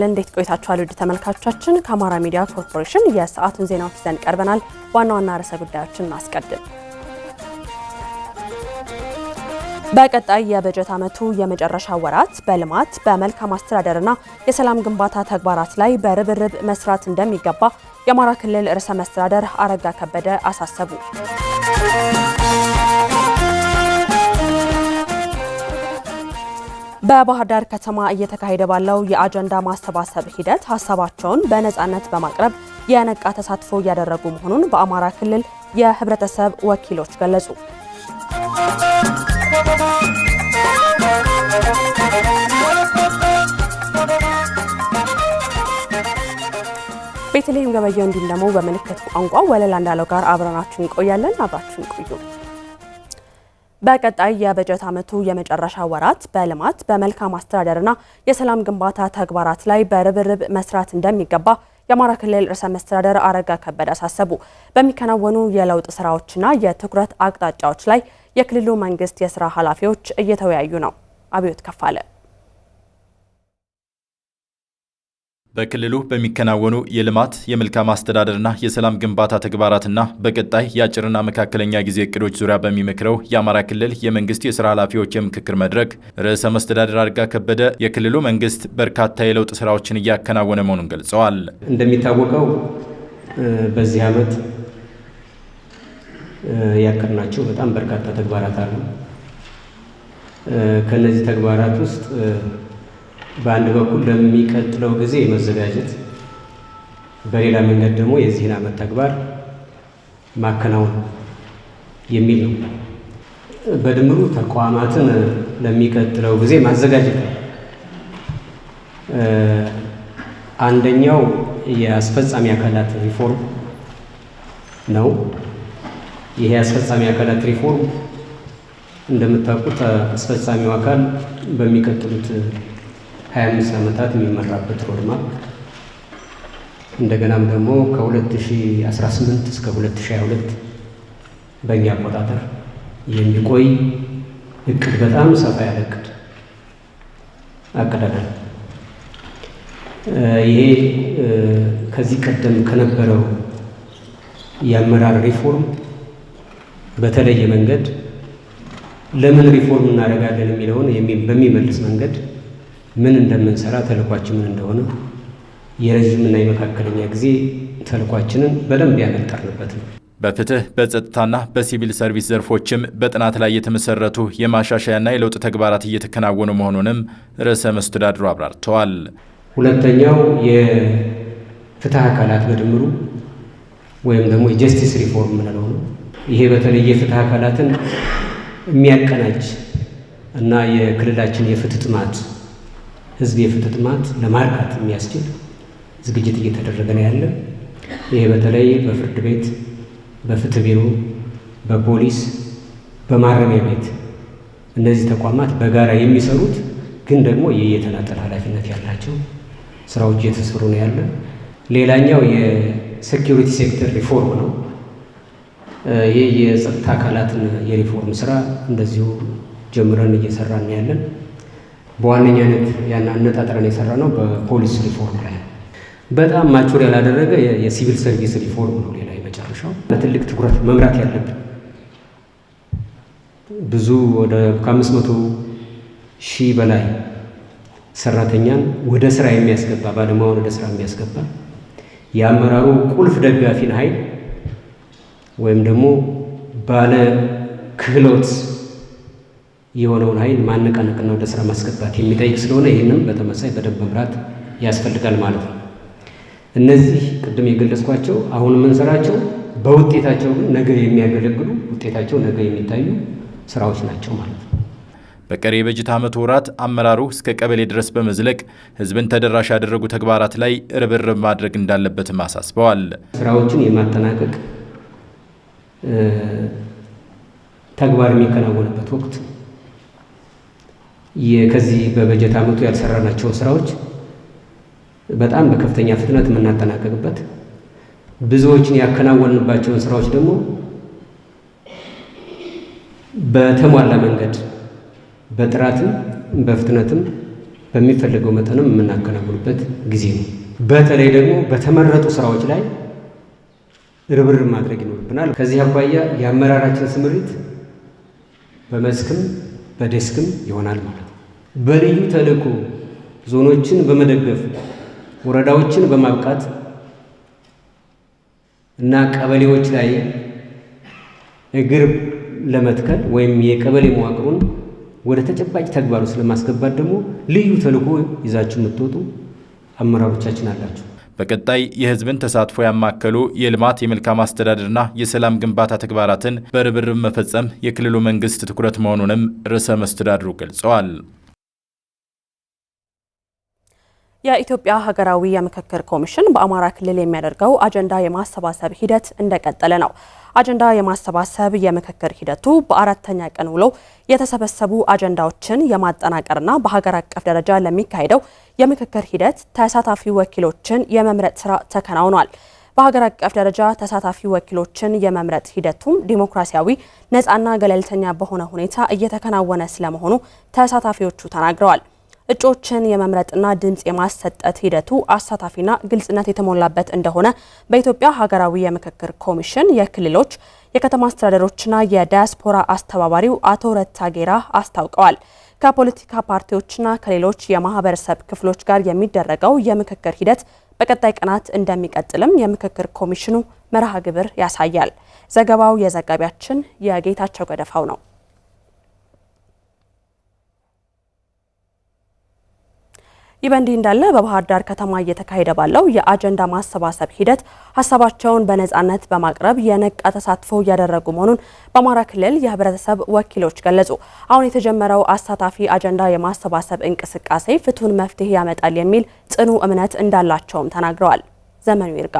ይስጥልን። እንዴት ቆይታችኋል? ውድ ተመልካቾቻችን ከአማራ ሚዲያ ኮርፖሬሽን የሰዓቱን ዜናዎች ይዘን ቀርበናል። ዋና ዋና ርዕሰ ጉዳዮችን እናስቀድም። በቀጣይ የበጀት ዓመቱ የመጨረሻ ወራት በልማት በመልካም አስተዳደርና የሰላም ግንባታ ተግባራት ላይ በርብርብ መስራት እንደሚገባ የአማራ ክልል ርዕሰ መስተዳደር አረጋ ከበደ አሳሰቡ። በባህር ዳር ከተማ እየተካሄደ ባለው የአጀንዳ ማሰባሰብ ሂደት ሀሳባቸውን በነፃነት በማቅረብ የነቃ ተሳትፎ እያደረጉ መሆኑን በአማራ ክልል የህብረተሰብ ወኪሎች ገለጹ። ቤተልሔም ገበየው እንዲሁም ደግሞ በምልክት ቋንቋ ወለላ እንዳለው ጋር አብረናችሁ እንቆያለን። አብራችሁ እንቆዩ። በቀጣይ የበጀት ዓመቱ የመጨረሻ ወራት በልማት በመልካም አስተዳደርና የሰላም ግንባታ ተግባራት ላይ በርብርብ መስራት እንደሚገባ የአማራ ክልል ርዕሰ መስተዳደር አረጋ ከበደ አሳሰቡ። በሚከናወኑ የለውጥ ስራዎችና የትኩረት አቅጣጫዎች ላይ የክልሉ መንግስት የስራ ኃላፊዎች እየተወያዩ ነው። አብዮት ከፋለ በክልሉ በሚከናወኑ የልማት የመልካም አስተዳደርና የሰላም ግንባታ ተግባራትና በቀጣይ የአጭርና መካከለኛ ጊዜ እቅዶች ዙሪያ በሚመክረው የአማራ ክልል የመንግስት የስራ ኃላፊዎች የምክክር መድረክ ርዕሰ መስተዳደር አረጋ ከበደ የክልሉ መንግስት በርካታ የለውጥ ስራዎችን እያከናወነ መሆኑን ገልጸዋል። እንደሚታወቀው በዚህ ዓመት ያቀድናቸው በጣም በርካታ ተግባራት አሉ። ከእነዚህ ተግባራት ውስጥ በአንድ በኩል ለሚቀጥለው ጊዜ የመዘጋጀት በሌላ መንገድ ደግሞ የዚህን ዓመት ተግባር ማከናወን የሚል ነው። በድምሩ ተቋማትን ለሚቀጥለው ጊዜ ማዘጋጀት ነው። አንደኛው የአስፈጻሚ አካላት ሪፎርም ነው። ይሄ የአስፈጻሚ አካላት ሪፎርም እንደምታውቁት አስፈጻሚው አካል በሚቀጥሉት 25 አምስት ዓመታት የሚመራበት ሮድማፕ እንደገናም ደግሞ ከ2018 እስከ 2022 በእኛ አቆጣጠር የሚቆይ እቅድ በጣም ሰፋ ያለ እቅድ አቅደናል። ይሄ ከዚህ ቀደም ከነበረው የአመራር ሪፎርም በተለየ መንገድ ለምን ሪፎርም እናደርጋለን የሚለውን በሚመልስ መንገድ ምን እንደምንሰራ ተልኳችን ምን እንደሆነ የረዥምና የመካከለኛ ጊዜ ተልኳችንን በደንብ ያመጠርንበት ነው። በፍትህ በጸጥታና በሲቪል ሰርቪስ ዘርፎችም በጥናት ላይ የተመሰረቱ የማሻሻያና የለውጥ ተግባራት እየተከናወኑ መሆኑንም ርዕሰ መስተዳድሩ አብራርተዋል። ሁለተኛው የፍትህ አካላት በድምሩ ወይም ደግሞ የጀስቲስ ሪፎርም ምንለው ነው። ይሄ በተለይ የፍትህ አካላትን የሚያቀናጅ እና የክልላችን የፍትህ ጥማት ህዝብ የፍትህ ጥማት ለማርካት የሚያስችል ዝግጅት እየተደረገ ነው ያለ። ይህ በተለይ በፍርድ ቤት፣ በፍትህ ቢሮ፣ በፖሊስ፣ በማረሚያ ቤት እነዚህ ተቋማት በጋራ የሚሰሩት ግን ደግሞ የየተናጠል ኃላፊነት ያላቸው ስራዎች እየተሰሩ ነው ያለ። ሌላኛው የሴኪሪቲ ሴክተር ሪፎርም ነው። ይህ የጸጥታ አካላትን የሪፎርም ስራ እንደዚሁ ጀምረን እየሰራን ያለን በዋነኛነት ያነጣጥረን የሰራ ነው በፖሊስ ሪፎርም ላይ በጣም ማቹር ያላደረገ የሲቪል ሰርቪስ ሪፎርም ነው። ሌላ የመጨረሻው በትልቅ ትኩረት መምራት ያለብን ብዙ ወደ ከአምስት መቶ ሺህ በላይ ሰራተኛን ወደ ስራ የሚያስገባ ባለሙያውን ወደ ስራ የሚያስገባ የአመራሩ ቁልፍ ደጋፊን ኃይል ወይም ደግሞ ባለ ክህሎት የሆነውን ኃይል ማነቃነቅና ወደ ስራ ማስገባት የሚጠይቅ ስለሆነ ይህንም በተመሳይ በደንብ መምራት ያስፈልጋል ማለት ነው። እነዚህ ቅድም የገለጽኳቸው አሁን የምንሰራቸው በውጤታቸው ግን ነገ የሚያገለግሉ ውጤታቸው ነገ የሚታዩ ስራዎች ናቸው ማለት ነው። በቀሪ የበጀት ዓመት ወራት አመራሩ እስከ ቀበሌ ድረስ በመዝለቅ ህዝብን ተደራሽ ያደረጉ ተግባራት ላይ ርብርብ ማድረግ እንዳለበትም አሳስበዋል። ስራዎችን የማጠናቀቅ ተግባር የሚከናወንበት ወቅት ከዚህ በበጀት ዓመቱ ያልሰራናቸው ስራዎች በጣም በከፍተኛ ፍጥነት የምናጠናቀቅበት ብዙዎችን ያከናወንባቸውን ስራዎች ደግሞ በተሟላ መንገድ በጥራትም በፍጥነትም በሚፈልገው መጠንም የምናከናውንበት ጊዜ ነው። በተለይ ደግሞ በተመረጡ ስራዎች ላይ ርብርብ ማድረግ ይኖርብናል። ከዚህ አኳያ የአመራራችን ስምሪት በመስክም በዴስክም ይሆናል ማለት ነው። በልዩ ተልእኮ ዞኖችን በመደገፍ ወረዳዎችን በማብቃት እና ቀበሌዎች ላይ እግር ለመትከል ወይም የቀበሌ መዋቅሩን ወደ ተጨባጭ ተግባር ውስጥ ለማስገባት ደግሞ ልዩ ተልእኮ ይዛችሁ የምትወጡ አመራሮቻችን አላችሁ። በቀጣይ የህዝብን ተሳትፎ ያማከሉ የልማት የመልካም አስተዳደርና የሰላም ግንባታ ተግባራትን በርብርብ መፈጸም የክልሉ መንግስት ትኩረት መሆኑንም ርዕሰ መስተዳድሩ ገልጸዋል። የኢትዮጵያ ሀገራዊ የምክክር ኮሚሽን በአማራ ክልል የሚያደርገው አጀንዳ የማሰባሰብ ሂደት እንደቀጠለ ነው። አጀንዳ የማሰባሰብ የምክክር ሂደቱ በአራተኛ ቀን ውሎ የተሰበሰቡ አጀንዳዎችን የማጠናቀርና በሀገር አቀፍ ደረጃ ለሚካሄደው የምክክር ሂደት ተሳታፊ ወኪሎችን የመምረጥ ስራ ተከናውኗል። በሀገር አቀፍ ደረጃ ተሳታፊ ወኪሎችን የመምረጥ ሂደቱም ዲሞክራሲያዊ ነፃና ገለልተኛ በሆነ ሁኔታ እየተከናወነ ስለመሆኑ ተሳታፊዎቹ ተናግረዋል። እጩዎችን የመምረጥና ድምፅ የማሰጠት ሂደቱ አሳታፊና ግልጽነት የተሞላበት እንደሆነ በኢትዮጵያ ሀገራዊ የምክክር ኮሚሽን የክልሎች የከተማ አስተዳደሮችና የዳያስፖራ አስተባባሪው አቶ ረታ ጌራ አስታውቀዋል። ከፖለቲካ ፓርቲዎችና ከሌሎች የማህበረሰብ ክፍሎች ጋር የሚደረገው የምክክር ሂደት በቀጣይ ቀናት እንደሚቀጥልም የምክክር ኮሚሽኑ መርሃ ግብር ያሳያል። ዘገባው የዘጋቢያችን የጌታቸው ገደፋው ነው። ይህ በእንዲህ እንዳለ በባህር ዳር ከተማ እየተካሄደ ባለው የአጀንዳ ማሰባሰብ ሂደት ሀሳባቸውን በነጻነት በማቅረብ የነቃ ተሳትፎ እያደረጉ መሆኑን በአማራ ክልል የህብረተሰብ ወኪሎች ገለጹ። አሁን የተጀመረው አሳታፊ አጀንዳ የማሰባሰብ እንቅስቃሴ ፍቱን መፍትሄ ያመጣል የሚል ጽኑ እምነት እንዳላቸውም ተናግረዋል። ዘመኑ ይርጋ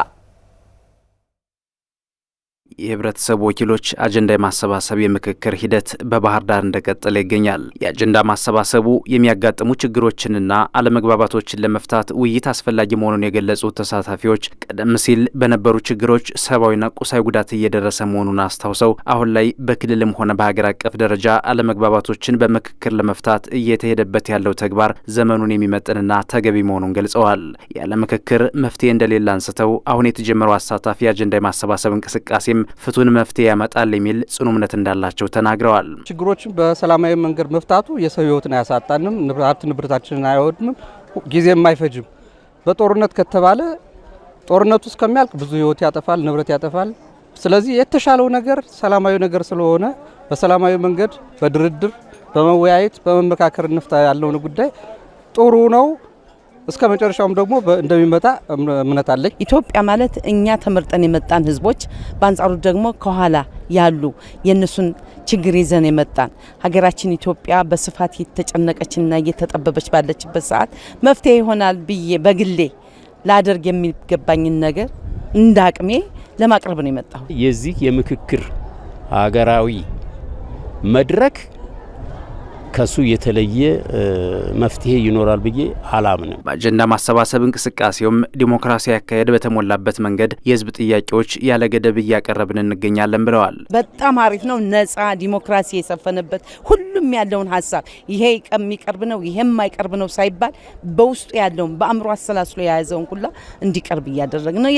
የህብረተሰቡ ወኪሎች አጀንዳ የማሰባሰብ የምክክር ሂደት በባህር ዳር እንደቀጠለ ይገኛል። የአጀንዳ ማሰባሰቡ የሚያጋጥሙ ችግሮችንና አለመግባባቶችን ለመፍታት ውይይት አስፈላጊ መሆኑን የገለጹት ተሳታፊዎች ቀደም ሲል በነበሩ ችግሮች ሰብአዊና ቁሳዊ ጉዳት እየደረሰ መሆኑን አስታውሰው አሁን ላይ በክልልም ሆነ በሀገር አቀፍ ደረጃ አለመግባባቶችን በምክክር ለመፍታት እየተሄደበት ያለው ተግባር ዘመኑን የሚመጥንና ተገቢ መሆኑን ገልጸዋል። ያለ ምክክር መፍትሄ እንደሌለ አንስተው አሁን የተጀመረው አሳታፊ አጀንዳ የማሰባሰብ እንቅስቃሴም ፍቱን መፍትሄ ያመጣል የሚል ጽኑ እምነት እንዳላቸው ተናግረዋል። ችግሮችን በሰላማዊ መንገድ መፍታቱ የሰው ህይወትን አያሳጣንም፣ ሀብት ንብረታችንን አያወድምም፣ ጊዜም አይፈጅም። በጦርነት ከተባለ ጦርነቱ እስከሚያልቅ ብዙ ህይወት ያጠፋል፣ ንብረት ያጠፋል። ስለዚህ የተሻለው ነገር ሰላማዊ ነገር ስለሆነ በሰላማዊ መንገድ በድርድር በመወያየት በመመካከር እንፍታ ያለውን ጉዳይ ጥሩ ነው። እስከ መጨረሻውም ደግሞ እንደሚመጣ እምነት አለኝ። ኢትዮጵያ ማለት እኛ ተመርጠን የመጣን ህዝቦች፣ በአንጻሩ ደግሞ ከኋላ ያሉ የእነሱን ችግር ይዘን የመጣን ሀገራችን ኢትዮጵያ በስፋት የተጨነቀችና እየተጠበበች ባለችበት ሰዓት መፍትሄ ይሆናል ብዬ በግሌ ላደርግ የሚገባኝን ነገር እንደ አቅሜ ለማቅረብ ነው የመጣሁ። የዚህ የምክክር ሀገራዊ መድረክ ከሱ የተለየ መፍትሄ ይኖራል ብዬ አላምንም። በአጀንዳ ማሰባሰብ እንቅስቃሴውም ዲሞክራሲያዊ አካሄድ በተሞላበት መንገድ የህዝብ ጥያቄዎች ያለ ገደብ እያቀረብን እንገኛለን ብለዋል። በጣም አሪፍ ነው። ነጻ ዲሞክራሲ የሰፈነበት ሁሉም ያለውን ሀሳብ ይሄ የሚቀርብ ነው ይሄ የማይቀርብ ነው ሳይባል በውስጡ ያለውን በአእምሮ አሰላስሎ የያዘውን ሁላ እንዲቀርብ እያደረግ ነው ነው።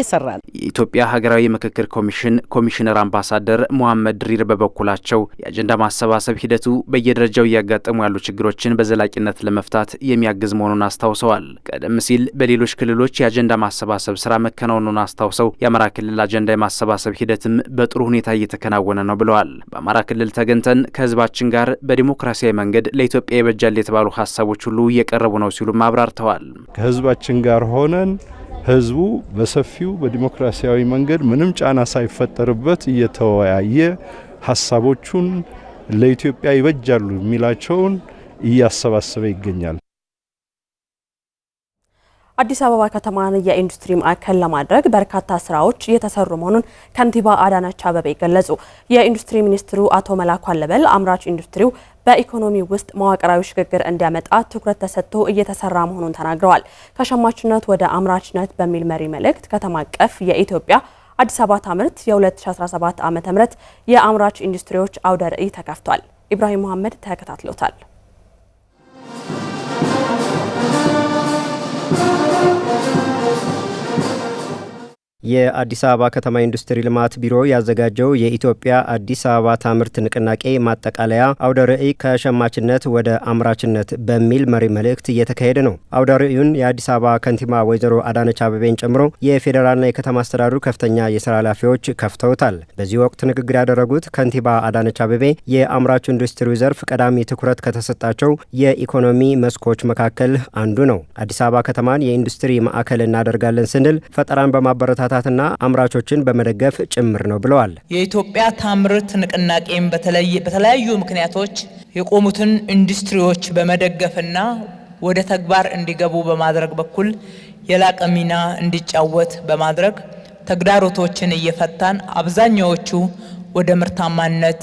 የኢትዮጵያ ሀገራዊ ምክክር ኮሚሽን ኮሚሽነር አምባሳደር ሙሐመድ ድሪር በበኩላቸው የአጀንዳ ማሰባሰብ ሂደቱ በየደረጃው እያጋ እያጋጠሙ ያሉ ችግሮችን በዘላቂነት ለመፍታት የሚያግዝ መሆኑን አስታውሰዋል። ቀደም ሲል በሌሎች ክልሎች የአጀንዳ ማሰባሰብ ስራ መከናወኑን አስታውሰው የአማራ ክልል አጀንዳ የማሰባሰብ ሂደትም በጥሩ ሁኔታ እየተከናወነ ነው ብለዋል። በአማራ ክልል ተገንተን ከህዝባችን ጋር በዲሞክራሲያዊ መንገድ ለኢትዮጵያ ይበጃል የተባሉ ሀሳቦች ሁሉ እየቀረቡ ነው ሲሉም አብራርተዋል። ከህዝባችን ጋር ሆነን ህዝቡ በሰፊው በዲሞክራሲያዊ መንገድ ምንም ጫና ሳይፈጠርበት እየተወያየ ሀሳቦቹን ለኢትዮጵያ ይበጃሉ የሚላቸውን እያሰባሰበ ይገኛል። አዲስ አበባ ከተማን የኢንዱስትሪ ማዕከል ለማድረግ በርካታ ስራዎች እየተሰሩ መሆኑን ከንቲባ አዳነች አበቤ ገለጹ። የኢንዱስትሪ ሚኒስትሩ አቶ መላኩ አለበል አምራች ኢንዱስትሪው በኢኮኖሚ ውስጥ መዋቅራዊ ሽግግር እንዲያመጣ ትኩረት ተሰጥቶ እየተሰራ መሆኑን ተናግረዋል። ከሸማችነት ወደ አምራችነት በሚል መሪ መልእክት ከተማ አቀፍ የኢትዮጵያ አዲስ አበባ ታምርት የ2017 ዓ.ም የአምራች ኢንዱስትሪዎች አውደ ርዕይ ተከፍቷል። ኢብራሂም መሐመድ ተከታትሎታል። የአዲስ አበባ ከተማ ኢንዱስትሪ ልማት ቢሮ ያዘጋጀው የኢትዮጵያ አዲስ አበባ ታምርት ንቅናቄ ማጠቃለያ አውደ ርዕይ ከሸማችነት ወደ አምራችነት በሚል መሪ መልእክት እየተካሄደ ነው። አውደ ርዕዩን የአዲስ አበባ ከንቲባ ወይዘሮ አዳነች አበቤን ጨምሮ የፌዴራልና የከተማ አስተዳደሩ ከፍተኛ የስራ ኃላፊዎች ከፍተውታል። በዚህ ወቅት ንግግር ያደረጉት ከንቲባ አዳነች አበቤ የአምራቹ ኢንዱስትሪ ዘርፍ ቀዳሚ ትኩረት ከተሰጣቸው የኢኮኖሚ መስኮች መካከል አንዱ ነው። አዲስ አበባ ከተማን የኢንዱስትሪ ማዕከል እናደርጋለን ስንል ፈጠራን በማበረታ ማበረታታትና አምራቾችን በመደገፍ ጭምር ነው ብለዋል። የኢትዮጵያ ታምርት ንቅናቄም በተለያዩ ምክንያቶች የቆሙትን ኢንዱስትሪዎች በመደገፍና ወደ ተግባር እንዲገቡ በማድረግ በኩል የላቀ ሚና እንዲጫወት በማድረግ ተግዳሮቶችን እየፈታን አብዛኛዎቹ ወደ ምርታማነት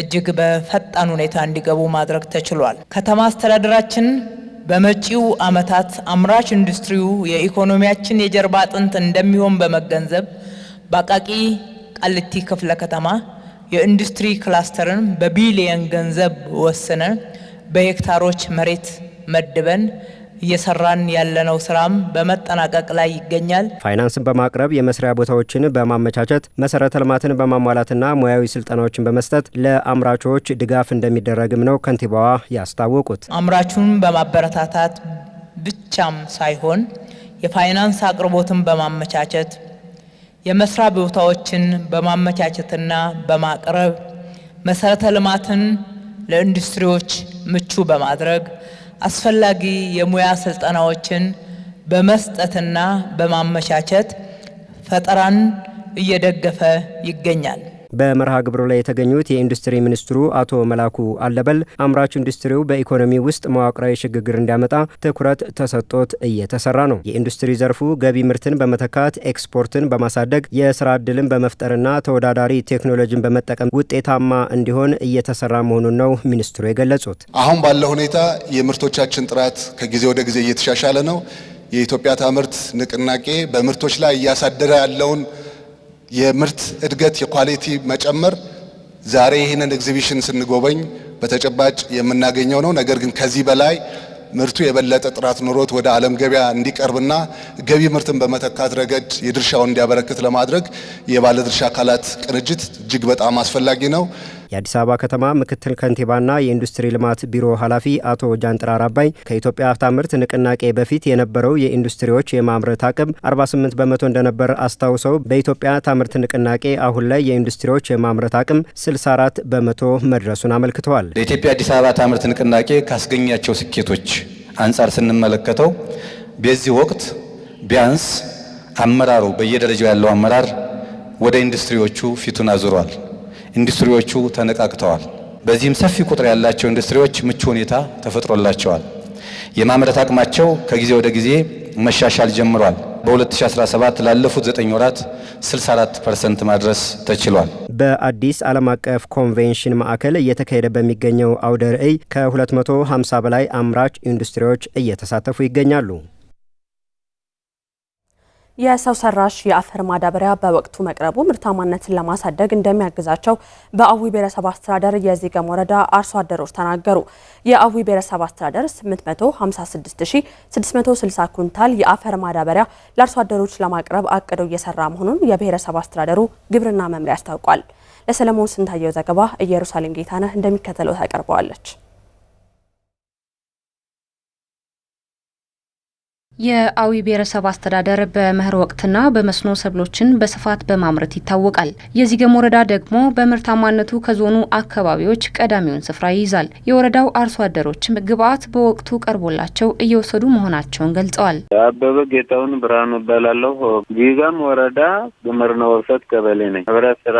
እጅግ በፈጣን ሁኔታ እንዲገቡ ማድረግ ተችሏል። ከተማ አስተዳደራችን በመጪው ዓመታት አምራች ኢንዱስትሪው የኢኮኖሚያችን የጀርባ አጥንት እንደሚሆን በመገንዘብ በአቃቂ ቃሊቲ ክፍለ ከተማ የኢንዱስትሪ ክላስተርን በቢሊየን ገንዘብ ወስነን በሄክታሮች መሬት መድበን እየሰራን ያለነው ስራም በመጠናቀቅ ላይ ይገኛል። ፋይናንስን በማቅረብ የመስሪያ ቦታዎችን በማመቻቸት መሰረተ ልማትን በማሟላትና ሙያዊ ስልጠናዎችን በመስጠት ለአምራቾች ድጋፍ እንደሚደረግም ነው ከንቲባዋ ያስታወቁት። አምራቹን በማበረታታት ብቻም ሳይሆን የፋይናንስ አቅርቦትን በማመቻቸት የመስሪያ ቦታዎችን በማመቻቸትና በማቅረብ መሰረተ ልማትን ለኢንዱስትሪዎች ምቹ በማድረግ አስፈላጊ የሙያ ስልጠናዎችን በመስጠትና በማመቻቸት ፈጠራን እየደገፈ ይገኛል። በመርሃ ግብሩ ላይ የተገኙት የኢንዱስትሪ ሚኒስትሩ አቶ መላኩ አለበል አምራች ኢንዱስትሪው በኢኮኖሚ ውስጥ መዋቅራዊ ሽግግር እንዲያመጣ ትኩረት ተሰጥቶት እየተሰራ ነው። የኢንዱስትሪ ዘርፉ ገቢ ምርትን በመተካት ኤክስፖርትን በማሳደግ የስራ እድልን በመፍጠርና ተወዳዳሪ ቴክኖሎጂን በመጠቀም ውጤታማ እንዲሆን እየተሰራ መሆኑን ነው ሚኒስትሩ የገለጹት። አሁን ባለው ሁኔታ የምርቶቻችን ጥራት ከጊዜ ወደ ጊዜ እየተሻሻለ ነው። የኢትዮጵያ ታምርት ንቅናቄ በምርቶች ላይ እያሳደረ ያለውን የምርት እድገት የኳሊቲ መጨመር ዛሬ ይህንን ኤግዚቢሽን ስንጎበኝ በተጨባጭ የምናገኘው ነው። ነገር ግን ከዚህ በላይ ምርቱ የበለጠ ጥራት ኑሮት ወደ ዓለም ገበያ እንዲቀርብና ገቢ ምርትን በመተካት ረገድ የድርሻውን እንዲያበረክት ለማድረግ የባለድርሻ አካላት ቅንጅት እጅግ በጣም አስፈላጊ ነው። የአዲስ አበባ ከተማ ምክትል ከንቲባና የኢንዱስትሪ ልማት ቢሮ ኃላፊ አቶ ጃንጥራር አባይ ከኢትዮጵያ ምርት ንቅናቄ በፊት የነበረው የኢንዱስትሪዎች የማምረት አቅም 48 በመቶ እንደነበር አስታውሰው በኢትዮጵያ ታምርት ንቅናቄ አሁን ላይ የኢንዱስትሪዎች የማምረት አቅም 64 በመቶ መድረሱን አመልክተዋል። ለኢትዮጵያ አዲስ አበባ ታምርት ንቅናቄ ካስገኛቸው ስኬቶች አንጻር ስንመለከተው በዚህ ወቅት ቢያንስ አመራሩ በየደረጃው ያለው አመራር ወደ ኢንዱስትሪዎቹ ፊቱን አዙሯል። ኢንዱስትሪዎቹ ተነቃቅተዋል። በዚህም ሰፊ ቁጥር ያላቸው ኢንዱስትሪዎች ምቹ ሁኔታ ተፈጥሮላቸዋል። የማምረት አቅማቸው ከጊዜ ወደ ጊዜ መሻሻል ጀምሯል። በ2017 ላለፉት 9 ወራት 64 ፐርሰንት ማድረስ ተችሏል። በአዲስ ዓለም አቀፍ ኮንቬንሽን ማዕከል እየተካሄደ በሚገኘው አውደ ርዕይ ከ250 በላይ አምራች ኢንዱስትሪዎች እየተሳተፉ ይገኛሉ። የሰው ሰራሽ የአፈር ማዳበሪያ በወቅቱ መቅረቡ ምርታማነትን ለማሳደግ እንደሚያግዛቸው በአዊ ብሔረሰብ አስተዳደር የዚገም ወረዳ አርሶ አደሮች ተናገሩ። የአዊ ብሔረሰብ አስተዳደር 856660 ኩንታል የአፈር ማዳበሪያ ለአርሶ አደሮች ለማቅረብ አቅዶ እየሰራ መሆኑን የብሔረሰብ አስተዳደሩ ግብርና መምሪያ አስታውቋል። ለሰለሞን ስንታየው ዘገባ ኢየሩሳሌም ጌታነህ እንደሚከተለው ታቀርበዋለች። የአዊ ብሔረሰብ አስተዳደር በመኸር ወቅትና በመስኖ ሰብሎችን በስፋት በማምረት ይታወቃል። የዚገም ወረዳ ደግሞ በምርታማነቱ ከዞኑ አካባቢዎች ቀዳሚውን ስፍራ ይይዛል። የወረዳው አርሶ አደሮችም ግብዓት በወቅቱ ቀርቦላቸው እየወሰዱ መሆናቸውን ገልጸዋል። አበበ ጌታውን ብርሃኑ እባላለሁ። ዚገም ወረዳ ግምርነ ወርሰት ቀበሌ ነኝ። ህብረት ስራ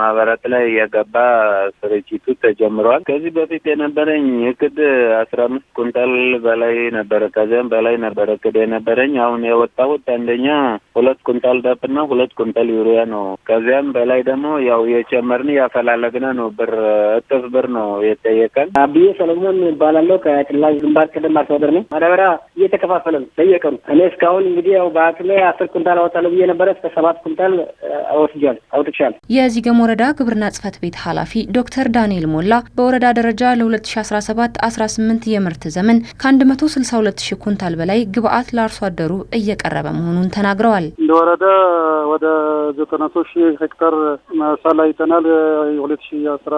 ማህበራት ላይ እየገባ ስርጭቱ ተጀምረዋል። ከዚህ በፊት የነበረኝ እቅድ አስራ አምስት ኩንታል በላይ ነበረ። ከዚያም በላይ ነበረ እቅድ የነበረኝ አሁን የወጣሁት አንደኛ ሁለት ኩንታል ዳፕና ሁለት ኩንታል ዩሪያ ነው። ከዚያም በላይ ደግሞ ያው የጨመርን ያፈላለግነ ነው ብር እጥፍ ብር ነው የጠየቀን። አብዬ ሰለሞን እባላለሁ ከጭላ ግንባር ቀደም አርሶ ነኝ። ማዳበሪያ እየተከፋፈለ ነው በየቀኑ። እኔ እስካሁን እንግዲህ ያው በአቅሜ አስር ኩንታል አወጣለሁ ብዬ ነበረ እስከ ሰባት ኩንታል አወስጃል አውጥቻል። የዚገም ወረዳ ግብርና ጽህፈት ቤት ኃላፊ ዶክተር ዳንኤል ሞላ በወረዳ ደረጃ ለ2017 18 የምርት ዘመን ከ162 ሺህ ኩንታል በላይ ግብአ ግብአት ለአርሶ አደሩ እየቀረበ መሆኑን ተናግረዋል። እንደ ወረዳ ወደ ዘጠና ሶስት ሺህ ሄክታር ማሳ ላይ ይተናል የሁለት ሺ አስራ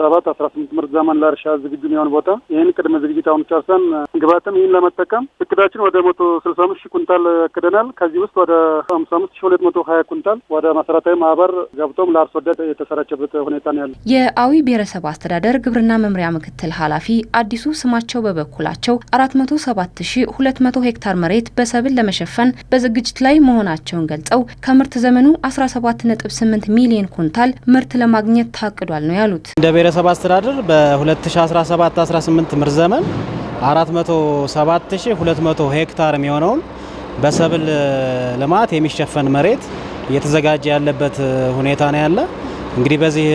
ሰባት አስራ ስምንት ምርት ዘመን ለእርሻ ዝግጁ የሚሆን ቦታ ይህን ቅድመ ዝግጅት አሁን ጨርሰን ግብአትም ይህን ለመጠቀም እቅዳችን ወደ መቶ ስልሳ አምስት ሺህ ኩንታል ያክደናል። ከዚህ ውስጥ ወደ ሀምሳ አምስት ሺህ ሁለት መቶ ሀያ ኩንታል ወደ መሰረታዊ ማህበር ገብቶም ለአርሶ አደር የተሰራጨበት ሁኔታ ነው ያለ የአዊ ብሔረሰብ አስተዳደር ግብርና መምሪያ ምክትል ኃላፊ አዲሱ ስማቸው በበኩላቸው አራት መቶ ሰባት ሺህ ሁለት መቶ ሄክታር መሬት በሰብል ለመሸፈን በዝግጅት ላይ መሆናቸውን ገልጸው ከምርት ዘመኑ 17.8 ሚሊዮን ኩንታል ምርት ለማግኘት ታቅዷል ነው ያሉት። እንደ ብሔረሰብ አስተዳደር በ2017/18 ምርት ዘመን 47200 ሄክታር የሚሆነውን በሰብል ልማት የሚሸፈን መሬት እየተዘጋጀ ያለበት ሁኔታ ነው ያለ። እንግዲህ በዚህ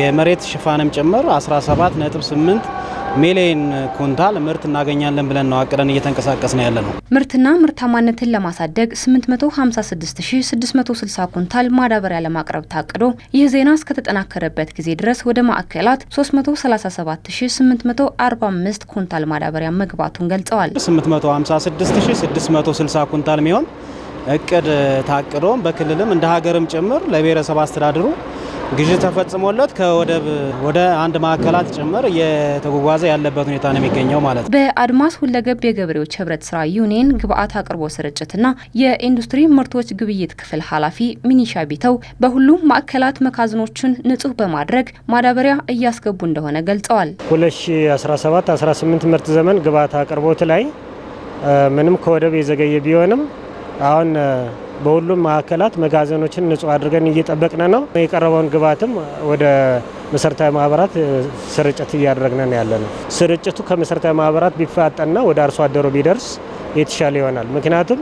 የመሬት ሽፋንም ጭምር 17.8 ሚሊዮን ኩንታል ምርት እናገኛለን ብለን ነው አቅደን እየተንቀሳቀስ ነው ያለ ነው። ምርትና ምርታማነትን ለማሳደግ 856660 ኩንታል ማዳበሪያ ለማቅረብ ታቅዶ ይህ ዜና እስከተጠናከረበት ጊዜ ድረስ ወደ ማዕከላት 337845 ኩንታል ማዳበሪያ መግባቱን ገልጸዋል። 856660 ኩንታል የሚሆን እቅድ ታቅዶም በክልልም እንደ ሀገርም ጭምር ለብሔረሰብ አስተዳድሩ ግዥ ተፈጽሞለት ከወደብ ወደ አንድ ማዕከላት ጭምር እየተጓጓዘ ያለበት ሁኔታ ነው የሚገኘው ማለት ነው። በአድማስ ሁለገብ የገበሬዎች ህብረት ስራ ዩኒየን ግብአት አቅርቦ ስርጭትና የኢንዱስትሪ ምርቶች ግብይት ክፍል ኃላፊ ሚኒሻ ቢተው በሁሉም ማዕከላት መጋዘኖቹን ንጹህ በማድረግ ማዳበሪያ እያስገቡ እንደሆነ ገልጸዋል። 2017/18 ምርት ዘመን ግብአት አቅርቦት ላይ ምንም ከወደብ የዘገየ ቢሆንም አሁን በሁሉም ማዕከላት መጋዘኖችን ንጹህ አድርገን እየጠበቅን ነው። የቀረበውን ግብዓትም ወደ መሰረታዊ ማህበራት ስርጭት እያደረግነን ያለ ነው። ስርጭቱ ከመሰረታዊ ማህበራት ቢፋጠና ወደ አርሶ አደሩ ቢደርስ የተሻለ ይሆናል። ምክንያቱም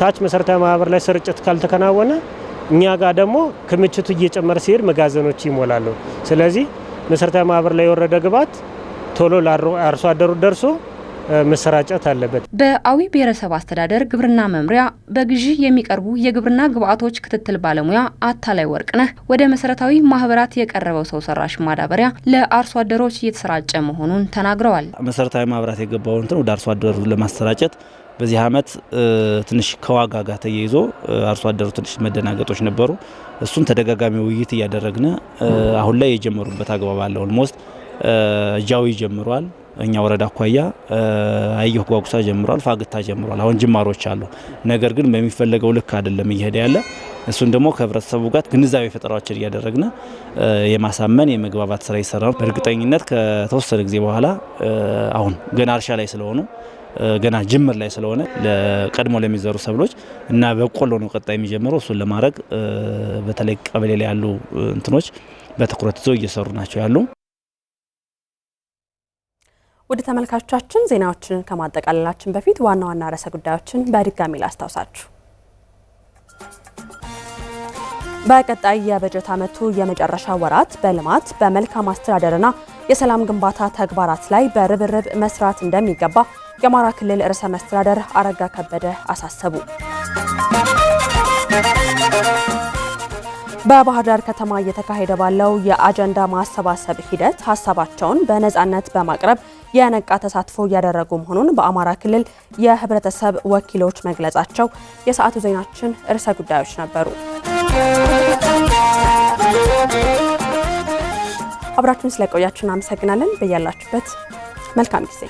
ታች መሰረታዊ ማህበር ላይ ስርጭት ካልተከናወነ እኛ ጋር ደግሞ ክምችቱ እየጨመረ ሲሄድ መጋዘኖች ይሞላሉ። ስለዚህ መሰረታዊ ማህበር ላይ የወረደ ግብዓት ቶሎ ለአርሶ አደሩ ደርሶ መሰራጨት አለበት። በአዊ ብሔረሰብ አስተዳደር ግብርና መምሪያ በግዢ የሚቀርቡ የግብርና ግብዓቶች ክትትል ባለሙያ አታላይ ወርቅነህ ወደ መሰረታዊ ማህበራት የቀረበው ሰው ሰራሽ ማዳበሪያ ለአርሶ አደሮች እየተሰራጨ መሆኑን ተናግረዋል። መሰረታዊ ማህበራት የገባውን እንትን ወደ አርሶ አደሩ ለማሰራጨት በዚህ አመት ትንሽ ከዋጋ ጋር ተያይዞ አርሶ አደሩ ትንሽ መደናገጦች ነበሩ። እሱን ተደጋጋሚ ውይይት እያደረግነ አሁን ላይ የጀመሩበት አግባብ አለ። ኦልሞስት እጃዊ ጀምሯል። እኛ ወረዳ አኳያ አየሁ ጓጉሳ ጀምሯል፣ ፋግታ ጀምሯል። አሁን ጅማሮች አሉ። ነገር ግን በሚፈለገው ልክ አይደለም እየሄደ ያለ። እሱን ደግሞ ከህብረተሰቡ ጋር ግንዛቤ ፈጠራዎችን እያደረግን የማሳመን የመግባባት ስራ ይሰራ ነው። በእርግጠኝነት ከተወሰነ ጊዜ በኋላ አሁን ገና እርሻ ላይ ስለሆኑ ገና ጅምር ላይ ስለሆነ ቀድሞ ለሚዘሩ ሰብሎች እና በቆሎ ነው ቀጣይ የሚጀምረው። እሱን ለማድረግ በተለይ ቀበሌ ላይ ያሉ እንትኖች በትኩረት ይዘው እየሰሩ ናቸው ያሉ ወደ ተመልካቾቻችን ዜናዎችን ከማጠቃለላችን በፊት ዋና ዋና ርዕሰ ጉዳዮችን በድጋሚ ላስታውሳችሁ። በቀጣይ የበጀት ዓመቱ የመጨረሻ ወራት በልማት በመልካም አስተዳደርና የሰላም ግንባታ ተግባራት ላይ በርብርብ መስራት እንደሚገባ የአማራ ክልል ርዕሰ መስተዳደር አረጋ ከበደ አሳሰቡ። በባህር ዳር ከተማ እየተካሄደ ባለው የአጀንዳ ማሰባሰብ ሂደት ሀሳባቸውን በነፃነት በማቅረብ የነቃ ተሳትፎ እያደረጉ መሆኑን በአማራ ክልል የህብረተሰብ ወኪሎች መግለጻቸው የሰዓቱ ዜናችን ርዕሰ ጉዳዮች ነበሩ። አብራችሁን ስለቆያችሁን አመሰግናለን። በያላችሁበት መልካም ጊዜ